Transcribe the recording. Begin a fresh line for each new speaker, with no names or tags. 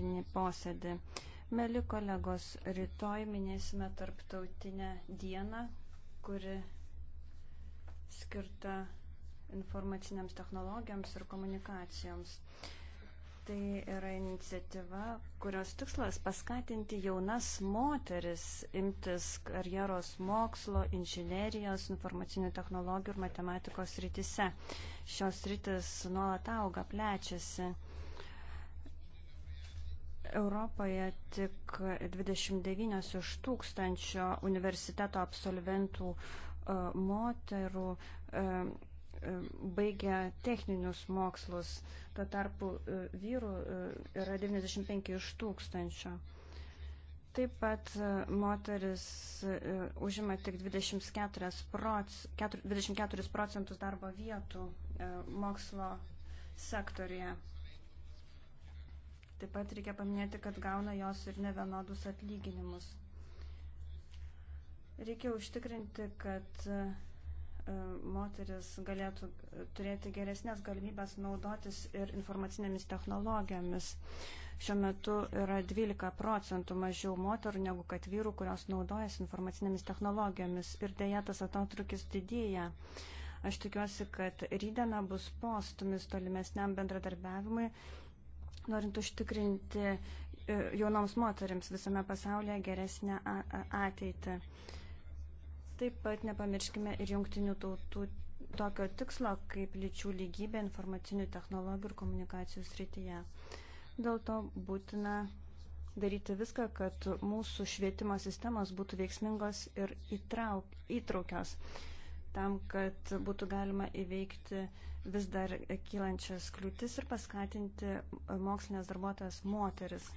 plenarinį posėdį. Meli kolegos, rytoj minėsime tarptautinę dieną, kuri skirta informaciniams technologijams ir komunikacijoms. Tai yra iniciatyva, kurios tikslas paskatinti jaunas moteris imtis karjeros mokslo, inžinerijos, informacinių technologijų ir matematikos rytise. Šios rytis nuolat auga, plečiasi Europoje tik 29 iš tūkstančio universiteto absolventų e, moterų e, e, baigia techninius mokslus, tuo tarpu vyrų yra 95 iš tūkstančio. Taip pat moteris užima tik 24, proc, 24 procentus darbo vietų mokslo sektorija. Taip pat reikia paminėti, kad gauna jos ir ne vienodus atlyginimus. Reikia užtikrinti, kad e, moteris galėtų e, turėti geresnės galimybės naudotis ir informacinėmis technologijomis. Šiuo metu yra 12 procentų mažiau moterų negu kad vyrų, kurios naudojasi informacinėmis technologijomis ir dėja tas atotrukis didėja. Aš tikiuosi, kad rydena bus postumis tolimesniam bendradarbiavimui norint užtikrinti e, jaunoms moteriams visame pasaulyje geresnę ateitį. Taip pat nepamirškime ir jungtinių tautų tokio tikslo kaip lyčių lygybė informacinių technologijų ir komunikacijų srityje. Dėl to būtina daryti viską, kad mūsų švietimo sistemos būtų veiksmingos ir įtrauk, įtraukios tam, kad būtų galima įveikti vis dar kylančias kliūtis ir paskatinti mokslinės darbuotojas moteris